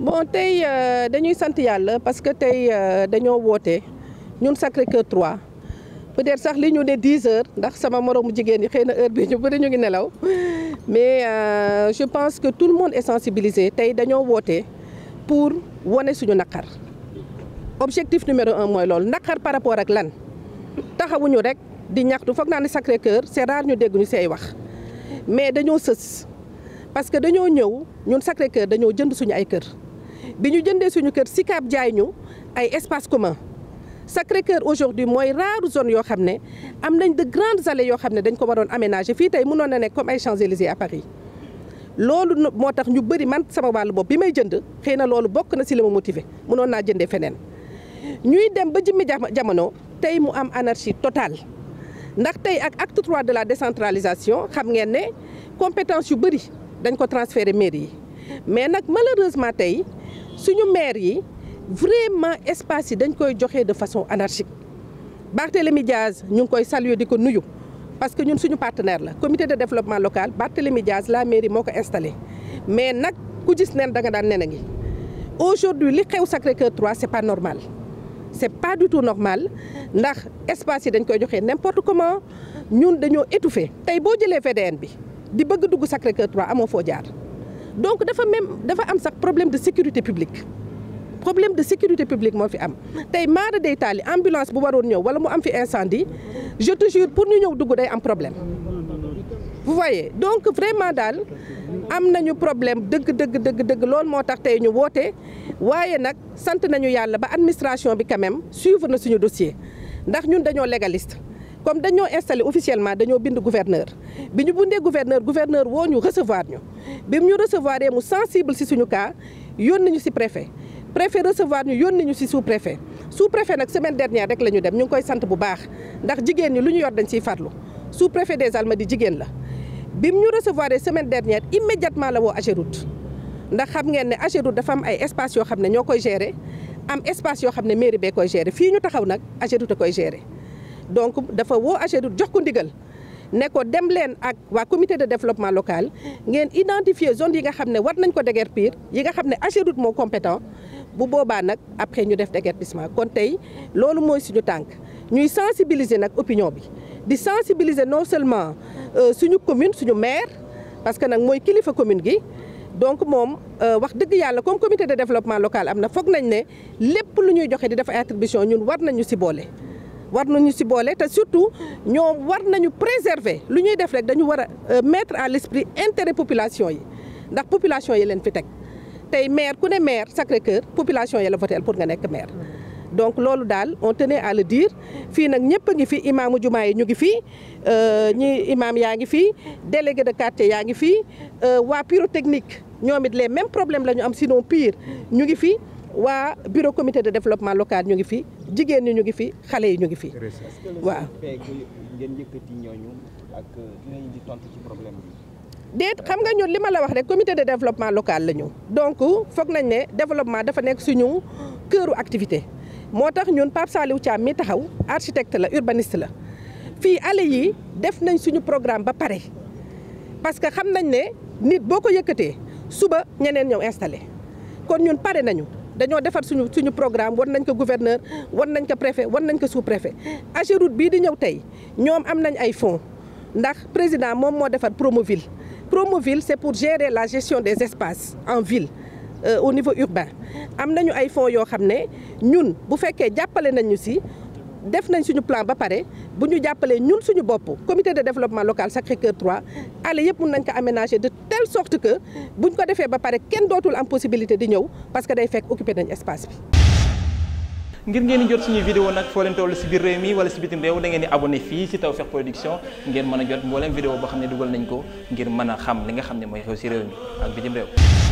bon tey euh, dañuy sant yàlla parce que tey euh, dañoo woote ñun Sacré-Cœur 3 peut-être sax li ñu dee 10 heures ndax sama moroomu jigéen ñi xëy na heure bi ñu bëri ñu ngi nelaw mais euh, je pense que tout le monde est sensibilisé tey dañoo woote pour wane suñu naqar objectif numéro un mooy loolu naqar par rapport ak lan taxawuñu rek di ñaxtu foog naa ne Sacré-Cœur c'est rare ñu dégguñu ñu wax mais dañoo sës parce que dañoo ñëw ñun Sacré-Cœur dañoo jënd suñu ay kër. bi ñu jëndee suñu kër Sicap jaay ñu ay espace commun Sacré-Cœur aujourd'hui mooy rare zone yoo xam ne am nañ de grandes allées yoo xam ne dañ ko waroon aménager fii tey mënoon na nekk comme ay Champs-Élysées à Paris loolu moo tax ñu bëri man sama wàllu bopp bi may jënd xëy na loolu bokk na si la ma motiver mënoon naa jëndee feneen ñuy dem ba jëmmi jamono tey mu am anarchie totale ndax tey ak acte 3 de la décentralisation xam ngeen ne compétence yu bëri dañ ko transférer mairie yi mais nag malheureusement tey suñu maire yi vraiment espace yi dañ koy joxe de façon anarchique Barthélémy Diaz ñu ngi koy saluer di ko nuyu parce que ñun suñu partenaire la comité de développement local Barthélémy Diaz la mairie moo ko installé mais nag ku gis neen da nga daan nena ngi aujourd'hui li xew Sacré-Cœur 3 c'est pas normal c'est pas du tour normal ndax espace yi dañ koy joxe n'importe comment ñun dañoo étouffé tey boo jëlee VDN bi di bëgg dugg Sacré-Cœur 3 amoo foo jaar donc dafa même dafa am sax problème de sécurité publique problème de sécurité publique moo fi am tey maara day taali ambulance bu waroon ñëw wala mu am fi incendie je te pour ñu ñëw dugg day am problème vous voyez donc vraiment daal am nañu problème dëgg dëgg dëgg dëgg loolu moo tax tey ñu woote waaye nag sant nañu yàlla ba administration bi quand même suivre na suñu dossier ndax ñun dañoo légaliste comme dañoo installé officiellement dañoo bind gouverneur bi ñu bindee gouverneur gouverneur woo ñu recevoir ñu bi mu ñu recevoir mu sensible si suñu cas yónni ñu si préfet préfet recevoir ñu yónni ñu si sous préfet sous préfet nag semaine dernière rek la ñu dem ñu ngi koy sant bu baax ndax jigéen ñi lu ñu yor dañ siy farlu sous préfet des di jigéen la. bi mu ñu recevoir semaine dernière immédiatement la woo Ageroute ndax xam ngeen ne Ageroute dafa am ay espace yoo xam ne ñoo koy gérer am espace yoo xam ne mairie bee koy gérer fii ñu taxaw nag Ageroute koy gérer donc dafa woo Ageroute jox ko ne ko dem leen ak waa comité de développement local ngeen identifier zone yi nga xam ne war nañ ko déguerpir yi nga xam ne AGEROUTE moo compétent bu boobaa nag après ñu def déguerpissement kon tey loolu mooy suñu tànk ñuy sensibiliser nag opinion bi di sensibiliser non seulement euh, suñu commune suñu maire parce que nag mooy kilifa commune gi donc moom euh, wax dëgg yàlla comme comité de développement local am na foog nañ ne lépp lu ñuy joxe di def attribution ñun war nañu si boole. war nañu si boole te surtout ñoom war nañu préserver lu ñuy def rek dañu war a euh, mettre à l'esprit intérêt population yi ndax population yi leen fi teg tey maire ku ne maire Sacré-Cœur population yi la voteel pour nga nekk maire. donc loolu daal on tenait à le dire fii nag ñëpp a ngi fi imaamu jumaa yi ñu ngi fii euh, ñi imaam yaa ngi fii délégué de quartier yaa ngi fii euh, waa technique ñoom it les même problème la ñu am sinon pire ñu ngi fi waa bureau comité de développement local ñu ngi fi. jigéen ñi ñu ngi fi xale yi ñu ngi fi. waaw ngeen ñooñu ak euh, déet xam nga ñun li ma la wax rek comité de développement locale la ñu donc foog nañ ne développement dafa nekk suñu këru activité moo tax ñun Pape Saliou Thiam mi taxaw architecte la urbaniste la fii allée yi def nañ suñu programme ba pare parce que xam nañ ne nit boo ko yëkkatee suba ñeneen ñëw installé kon ñun pare nañu. dañoo defar suñu suñu programme wan nañ ko gouverneur wan nañ ko préfet wan nañ ko sous préfet AGEROUTE bii di ñëw tey ñoom am nañ ay fonds ndax président moom moo defar Promoville Promoville c'est pour gérer la gestion des espaces en ville euh, au niveau urbain am nañu ay fonds yoo xam ne ñun bu fekkee jàppale nañu si def nañ suñu plan ba pare bu ñu jàppalee ñun suñu bopp comité de développement local Sacré-Cœur 3 allée yëpp mun nañ ko aménager de telle sorte que buñ ko defee ba pare kenn dootul am possibilité di ñëw parce que day fekk occupé nañ espace bi. ngir ngeen di jot suñuy vidéo nag foo leen toll si biir réew mi wala si bitim réew da ngeen di abonné fii si Tawfekh Production ngeen mën a jot mbooleem vidéo boo xam ne dugal nañ ko ngir mën a xam li nga xam ne mooy xew si réew mi